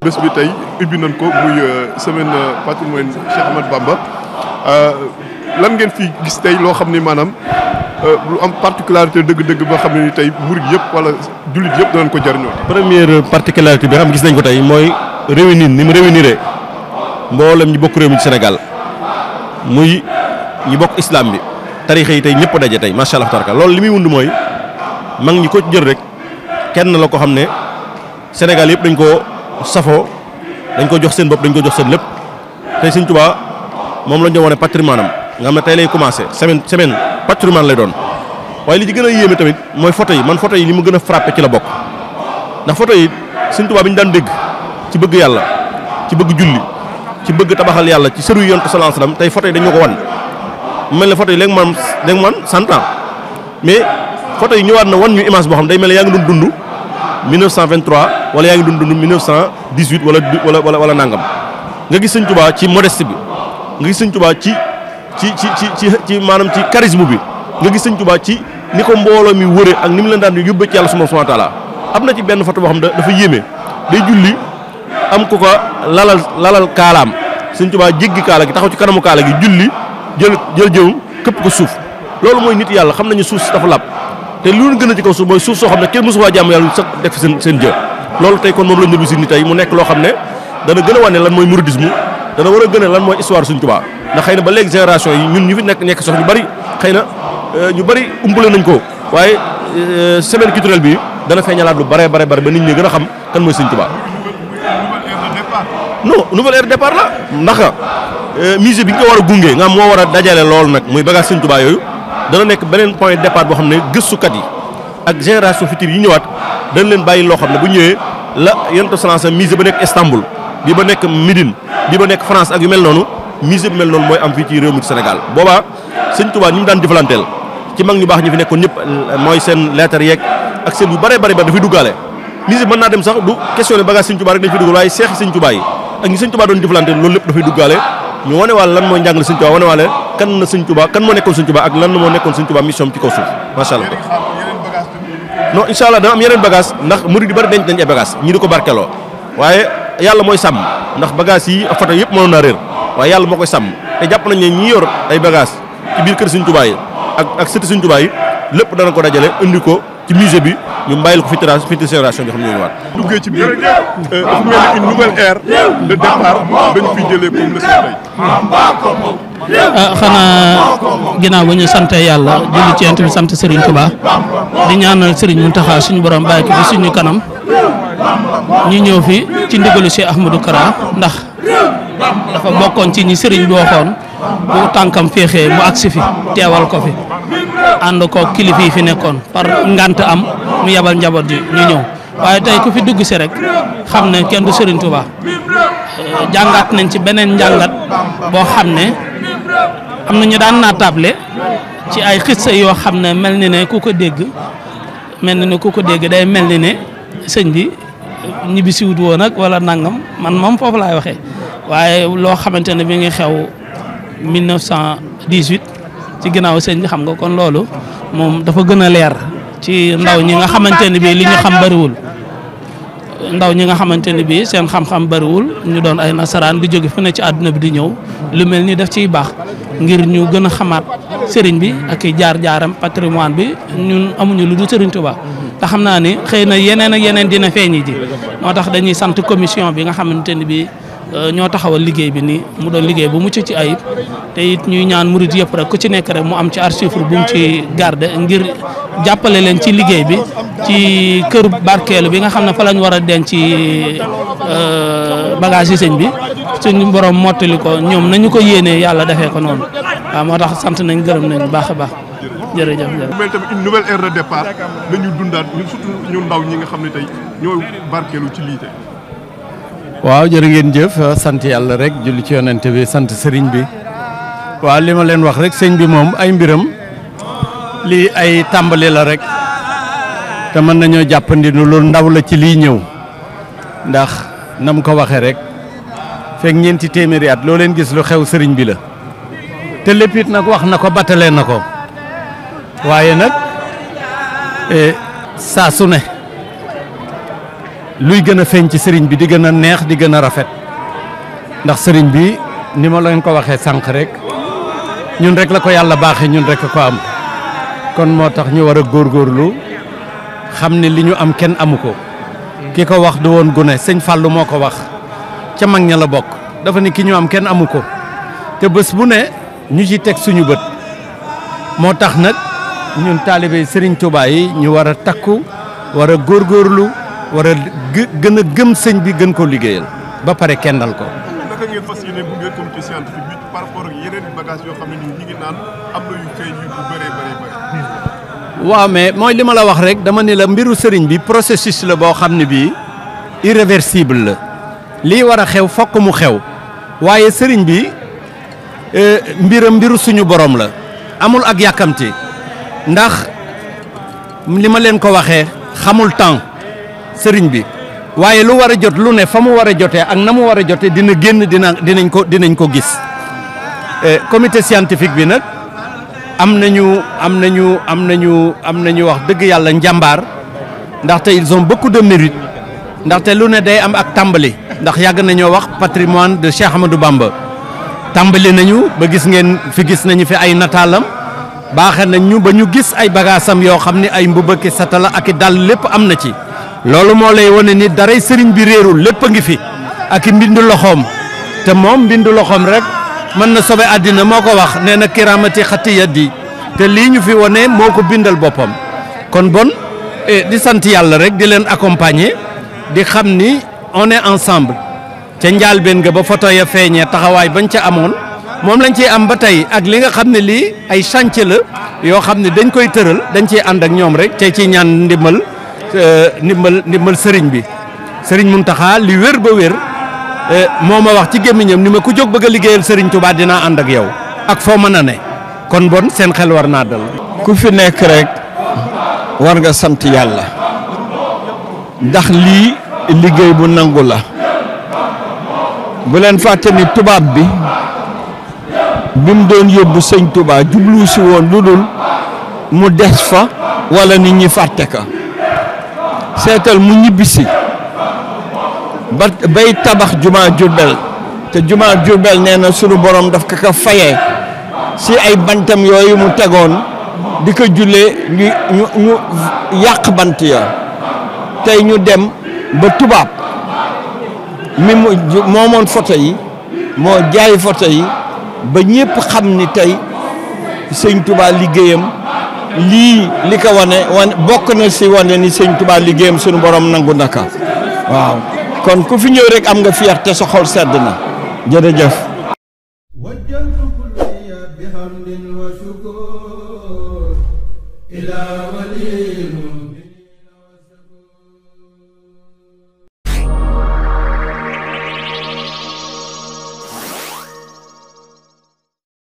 bés bi tey ubbi nañ ko muy euh, semaine euh, patrimoine Cheikh Ahmad Bamba euh, lan ngeen fi gis tey loo xam ni maanaam lu am particularité dëgg-dëgg boo xam ne ni tey murid yëpp wala jullit yëpp danañ ko jariñoo. première particularité bi xam gis nañ ko tey mooy réunir ni mu réuniré mboolem ñi bokk réew mi ci Sénégal muy ñi bokk islam bi. tarixa yi tey ñëpp daje tey macha allah tarka loolu li muy wund mooy mag ñi ko ci jël rek kenn la ko xam ne senegal yëpp dañ ko safoo dañ ko jox seen bopp dañ ko jox seen lépp tey Sëñ Tuubaa moom la ñu wane patrimoine am nga xam ne tey lay commencé semaine semaine patrimoine lay doon. waaye li ci gën a yéeme tamit mooy photo yi man photo yi li mu gën a frappé ci la bokk ndax photo yi Sëñ Tuubaa bi ñu daan dégg ci bëgg yàlla ci bëgg julli ci bëgg tabaxal yàlla ci sëru yonent sallallahu alayhi wasallam tey photo yi dañu ko mel ne photo yi léegi man léegi man cent ans mais photo yi ñëwaat na wan ñu image boo xam day mel ne yaa ngi doon dund 1923 wala yaa ngi doon dund 1918 wala wala wala wala nangam nga gis Sëñ Tuubaa ci modeste bi nga gis Sëñ Tuubaa ci ci ci ci ci ci maanaam ci charisme bi nga gis Sëñ Tuubaa ci ni ko mbooloo mi wëre ak ni mu leen daan yóbbee ci yàlla suma wa taala am na ci benn photo boo xam dafa yéeme day julli am ko ko lalal lalal kaalaam Sëñ Tuubaa jéggi kaala gi taxaw ci kanamu kaala gi julli. jël jël jëwum këpp ko suuf loolu mooy nit yàlla xam nañu suuf si dafa laab te lu gën a ci kaw suuf mooy suuf soo xam ne kenn mosu faa jàmm yàlla sax def fi seen seen jë loolu tey kon moom lañ doon ni tey mu nekk loo xam ne dana gën a wane lan mooy mouridisme dana war a gën a lan mooy histoire suñ Tuubaa ndax xëy na ba léegi génération yi ñun ñu fi nekk nekk sox ñu bari xëy na euh, ñu bari umpale nañ ko waaye euh, semaine culturelle bi dana feeñalaat lu bare bare bare ba nit ñi gën a xam kan mooy suñ Tuubaa non nouvelle ère départ la ndax euh, musée bi nga ko war a gunge nga am moo war a dajale loolu nag muy bagage Sëñ Tuubaa yooyu dana nekk beneen point de départ boo xam ne gëstukat yi ak génération future yi ñëwaat dañ leen bàyyi loo xam ne bu ñëwee la yonent sallallahu mise ba nekk Istanbul bi ba nekk Médine bi ba nekk France ak yu mel noonu musée bu mel noonu mooy am fii ci réew mi Sénégal boobaa Sëñ Tuubaa ñi mu daan jëflanteel ci mag ñu baax ñu fi nekkoon ñëpp mooy seen lettre yeeg ak bu bare bare ba dafay duggaale naa dem sax du question ne bagage Sëñ Tuubaa rek dañ fi duggal waaye seex ak ñi sëñ Tuubaa doon jëflante loolu lépp dafay duggaale ñu wane waale lan mooy njàngale sëñ Tuubaa wane kan na sëñ kan moo nekkoon sëñ ak lan moo nekkoon sëñ Tuubaa mission am ci kaw suuf macha allah. non incha allah dana am yeneen bagage ndax murid yu bari denc nañ ay bagage ñi di ko barkeloo waaye yàlla mooy sàmm ndax bagaas yi ak photo yëpp moo na réer waaye yàlla moo koy sàmm te jàpp nañ ne ñi yor ay bagage ci biir kër sëñ Tuubaa yi ak ak sëti sëñ Tuubaa yi lépp dana ko dajale indi ko ci musée bi ñu bàyyil ko fi fii génération bi xam ñooñu waat. duggee ci biir euh, dafa de départ ba ñu fi jëlee ah, xanaa ginnaaw ba ñu sant yàlla julli ci yent bi sant Serigne Touba di ñaanal Serigne Mountakha suñu borom bàyyi ko fi suñu kanam ñu ñëw fi ci ndigalu Cheikh Ahmadou Kara ndax dafa bokkoon ci ñi sëriñ bi waxoon bu tànkam féexee mu agsi fi teewal ko fi. ànd ko kilifa yi fi nekkoon par ngant am mu yabal njaboot ji ñu ñëw waaye tey ku fi dugg si rek xam ne kenn du Serigne Touba euh, jàngat nañ ci beneen njàngat boo xam ne am na ñu daan naatable ci ay xissa yoo xam ne mel ni ne ku ko dégg mel ni ku ko dégg day mel ni ne sëñ bi ñibbisi wut woon nag wala nangam man moom foofu laay waxee waaye loo xamante ne bi ngi xew 1918 ci ginnaaw sëñ bi xam nga kon loolu moom dafa gën a leer ci ndaw ñi nga xamante ne bii li ñu xam bariwul ndaw ñi nga xamante ne bii seen xam-xam bariwul ñu doon ay nasaraan di jóge fu ne ci àdduna bi di ñëw lu mel ni daf ciy baax ngir ñu gën a xamaat sëriñ bi ak jaar-jaaram patrimoine bi ñun amuñu lu du sëriñ Tuubaa te xam naa ni xëy na yeneen ak yeneen dina feeñi ji moo tax dañuy sant commission bi nga xamante ne Euh, ñoo taxawal liggéey bi nii mu doon liggéey bu mucc ci ayib te it ñuy ñaan murit yëpp rek ku ci nekk rek mu am ci archive bu mu ci garde ngir jàppale leen ci liggéey bi ci kër barkeelu bi nga xam ne fa lañ war a denc ci euh, bagage yi sëñ bi suñu borom mottali ko ñoom nañu ko yéenee yàlla defee ko noonu waaw moo tax sant nañ gërëm nañ baax a baax jërëjëf jërëjëf. mel tamit une xam ne tey ñooy ci lii waaw jërë ngeen jëf sant yàlla rek julli ci yonent bi sant sëriñ bi waaw li ma leen wax rek sëñ bi moom ay mbiram lii ay tàmbali la rek te mën nañoo jàppandi lu ndaw la ci lii ñëw ndax na ko waxee rek fekk ñeenti téeméeri at loo leen gis lu xew sëriñ bi la te lépp it nag wax na ko battalee na ko waaye nag eh, saa su ne luy gën a feeñ ci sëriñ bi di gën a neex di gën a rafet ndax sëriñ bi ni ma leen ko waxee sànq rek ñun rek la ko yàlla baaxee ñun rek ko am kon moo tax ñu war a góor góorlu xam ne li ñu am kenn amu ko ki ko wax du woon gune sëñ Fàllu moo ko wax ca mag ña la bokk dafa ne ki ñu am kenn amu ko te bés bu ne ñu ci teg suñu bët moo tax nag ñun taalibe sëriñ Tuubaa yi ñu war a takku war a góor góorlu war a gëm sëñ bi gën koo liggéeyal ba pare kendal ko. naka ngeen fas waaw mais mooy li ma la wax rek dama ne la mbiru sëriñ bi processus la boo xam ne bii irréversible la lii war a xew fokk mu xew waaye sëriñ bi e, mbiram mbiru suñu borom la amul ak yàkkamti ndax li ma leen ko waxee xamul temps. sëriñ bi waaye lu war a jot lu ne fa mu war a jotee ak na mu war a jotee dina génn dina dinañ ko dinañ ko gis eh, comité scientifique bi nag am nañu am nañu am nañu am nañu wax dëgg yàlla njàmbaar ndaxte ils ont beaucoup de mérite ndaxte lu ne day am ak tàmbali ndax yàgg nañoo wax patrimoine de Cheikh Ahmadou Bamba tàmbali nañu ba gis ngeen fi gis nañu fi ay nataalam baaxe nañ ñu ba ñu gis ay bagaasam yoo xam ne ay mbubaki satala ak i dal lépp am na ci loolu moo lay wane ni daray sëriñ bi réerul lépp a ngi fi ak i mbindu loxoom te moom mbindu loxoom rek mën na sobe àddina moo ko wax nee na kiraamati xatti yaddi te lii ñu fi wane moo ko bindal boppam kon bon e, di sant yàlla rek di leen accompagner di xam ni on est ensemble ca njaal benn nga ba photo ya feeñee taxawaay bañ ca amoon moom lañ ciy am ba tey ak li nga xam ne lii ay chantier la yoo xam ne dañ koy tëral dañ ciy ànd ak ñoom rek te ci ñaan ndimbal Euh, ndimbal ndimbal sëriñ bi sëriñ Muntaxa li wér ba wér euh, moo ma wax ci gémmiñam ni ma ku jóg bëgga a liggéeyal sëriñ Tuubaa dinaa ànd ak yow ak foo mën a ne kon bon seen xel war naa dal ku fi nekk rekk war nga sant yàlla ndax lii liggéey bu nangu la bu leen fàtte ni tubaab bi bi mu doon yóbbu sëñ Tuubaa jublu woon lu dul mu des fa wala nit ñi fàtte ka seetal mu ñibbisi ba bay tabax jumaa Jurbel te jumaa Jurbel nee na sunu borom daf ko fayee si ay bantam yooyu mu tegoon di ko jullee ñu ñu ñu yàq bant ya tey ñu dem ba tubaab mi mu moomoon photo yi moo jaay photo yi ba ñëpp xam ni tey sëñ Tuubaa liggéeyam lii li ko wane wane bokk na si wane ni sëñ Tuubaa liggéeyam sunu boroom nangu naka waaw kon ku fi ñëw rek am nga fierté sa xol sedd na jërëjëf